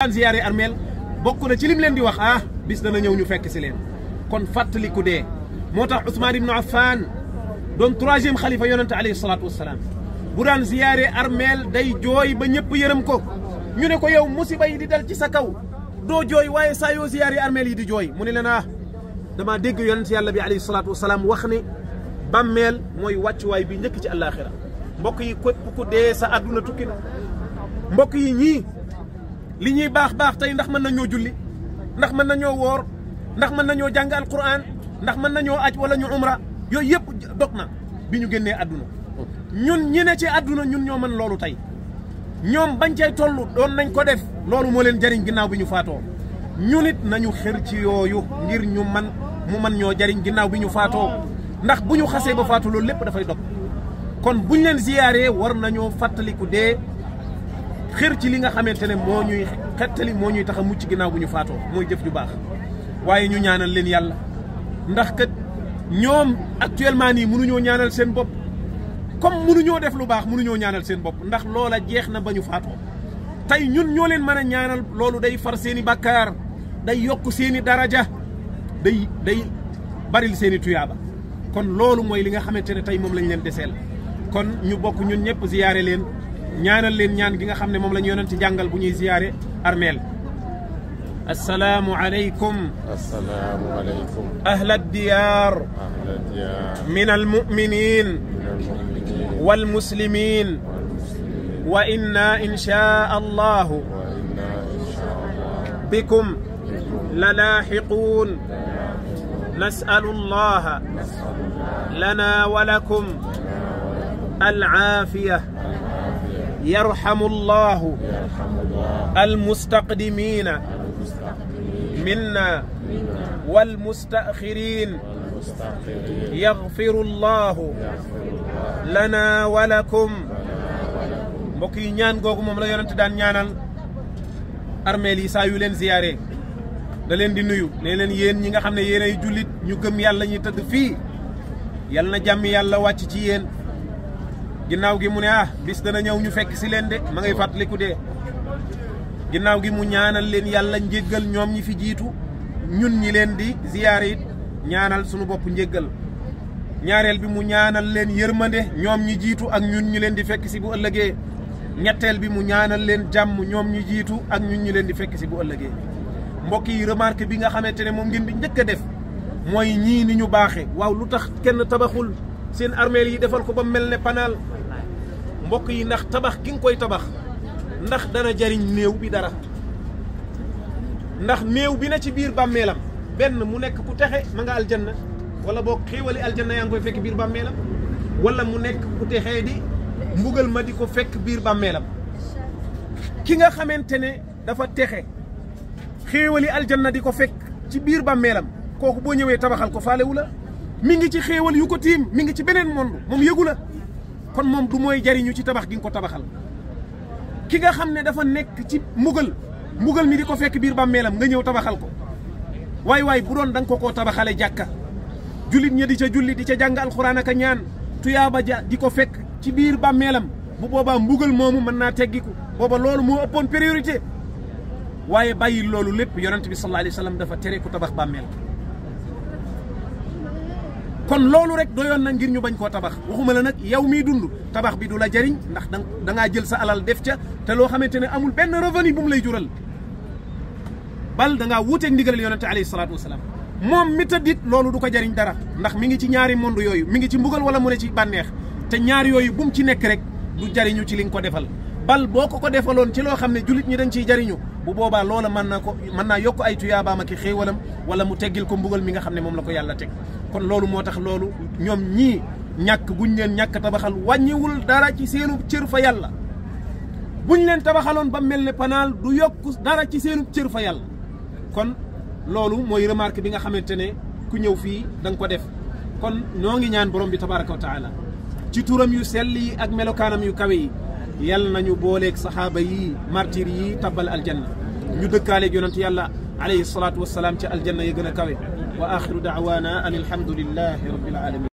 daan ziyaare armeel bokk na ci lim leen di wax ah bis na ñëw ñu fekk si leen kon fàttaliku dee moo tax Ousmane ibnu Affan doon troisième xalifa yonente alayhi salaatu wasalaam bu daan ziyaare armeel day jooy ba ñëpp yërëm ko ñu ne ko yow musiba yi di dal ci sa kaw doo jooy waaye saa yoo ziyaare armeel yi di jooy mu ne leen aa ah, damaa dégg yonent yàlla bi alayhi salaatu wasalaam wax ne bàmmeel mooy wàccuwaay bi njëkk ci àllaaxira mbokk yi képp ku sa àdduna tukki na yi ñii li ñuy baax baax tey ndax mën nañoo julli ndax mën nañoo woor ndax mën nañoo jàng alquran ndax mën nañoo aj wala ñu umra yooyu yëpp dog na bi ñu génnee àdduna ñun ñi ci àdduna ñun ñoo mën loolu tey ñoom bañ cay toll doon nañ ko def loolu moo leen jariñ ginnaaw bi ñu faatoo ñun it nañu xër ci yooyu ngir ñu man mu man ñoo jariñ ginnaaw bi ñu faatoo ndax bu ñu xasee ba faatu loolu lépp dafay dog kon buñ leen siyaaree war nañoo ku dee xër ci li nga xamante ne moo ñuy xettali moo ñuy tax a mucc ginnaaw bu ñu faatoo mooy jëf ju baax waaye ñu ñaanal leen yàlla ndax kat ñoom actuellement nii mënuñoo ñaanal seen bopp comme munuñoo def lu baax mënuñoo ñaanal seen bopp ndax loola jeex na ba ñu faatoo tey ñun ñoo leen mën a ñaanal loolu day far seen i bàkkaar day yokk seen i daraja day day baril seen i tuyaaba kon loolu mooy li nga xamante ne tey moom lañ leen deseel kon ñu bokk ñun ñëpp ziyaare leen ñaanal leen ñaan gi nga xam ne moom la ñu yonent jàngal bu ñuy ziare armeel السلام عليكم السلام عليكم أهل الديار أهل الديار من المؤمنين, من المؤمنين والمسلمين, وإنا إن شاء الله, وإنا إن شاء الله بكم, للاحقون نسأل الله لنا ولكم العافية yarhamu llahu almustaqdimina minna walmustaxirin yaxfiru llahu lana wa lakum mbokk yi ñaan googu moom la yonent daan ñaanal armeel yi saa yu leen ziyaare da leen di nuyu ne leen yéen ñi nga xam ne yéen ay jullit ñu gëm yàlla ñuy tëdd fii yal na jàmm yàlla wàcc ci yéen ginnaaw gi mu ne ah bis dana ñëw ñu fekk si leen de ma ngay fàttaliku de ginnaaw gi mu ñaanal leen yàlla njéggal ñoom ñi fi jiitu ñun ñi leen di ziyaar it ñaanal suñu bopp njéggal ñaareel bi mu ñaanal leen yërmande ñoom ñi jiitu ak ñun ñu leen di fekk si bu ëllëgee ñetteel bi mu ñaanal leen jàmm ñoom ñi jiitu ak ñun ñu leen di fekk si bu ëllëgee mbokk yi remarque bi nga xamante ne moom ngeen di njëkk a def mooy ñii ni ñu baaxee waaw lu tax kenn tabaxul seen yi defal mbokk yi ndax tabax ki nga koy tabax ndax dana jariñ néew bi dara ndax néew bi na ci biir bàmmeelam benn mu nekk ku texe ma nga aljanna wala boo xéewali aljanna yaa ngi koy fekk biir bàmmeelam wala mu nekk ku texee di mbugal ma di ko fekk biir bàmmeelam ki nga xamante ne dafa texe xéewali aljanna di ko fekk ci biir bàmmeelam kooku boo ñëwee tabaxal ko faalewu la mi ngi ci xéewal yu ko tiim mi ngi ci beneen monde moom yëgu la kon moom du mooy jariñu ci tabax gi ko tabaxal ki nga xam ne dafa nekk ci mbugal mbugal mi di ko fekk biir bàmmeelam nga ñëw tabaxal ko waay waay bu doon da nga ko koo tabaxale jàkka jullit ña di ca julli di ca jàng alxuraan ñaan tuyaaba ja di ko fekk ci biir bàmmeelam bu boobaa mbugal moomu mën naa teggiku booba loolu moo ëppoon priorité waaye bàyyi loolu lépp yonent bi sallallahu alayhi wa sallam dafa tere ku tabax bàmmeel kon loolu rek doyoon na ngir ñu bañ koo tabax waxuma la nag yow miy dund tabax bi du la jariñ ndax danga da jël sa alal def ca te loo xamante ne amul benn revenu bu lay jural bal da ngaa wuuteeg ndigalal yonente alayhi salaatu wasalaam moom mi tëddit loolu du ko jariñ dara ndax mu ngi ci ñaari monde yooyu mi ngi ci mbugal wala mu ne ci bànneex te ñaar yooyu bu mu ci nekk rek du jariñu ci li nga ko defal bal boo ko ko defaloon ci loo xam ne jullit ñi dañ ciy jariñu bu boobaa loola man na ko mën naa yokk ay tuyaabaam ak i xéewalam wala mu teggil ko mbugal mi nga xam ne moom la ko yàlla teg kon loolu moo tax loolu ñoom ñii ñàkk buñ leen ñàkk tabaxal wàññiwul dara ci seenu cër fa yàlla buñ leen tabaxaloon ba mel ne panaal du yokk dara ci seenu cër fa yàlla kon loolu mooy remarque bi nga xamante ne ku ñëw fii da ko def kon ñoo ngi ñaan borom bi tabaraka wa taala ci turam yu sell yi ak melokaanam yu kawe yi يال نانيو بوليك صحابه يي مارتير يي تبال الجنه ني دكالك عليه الصلاه والسلام تي الجنه يغنا كاوي واخر دعوانا ان الحمد لله رب العالمين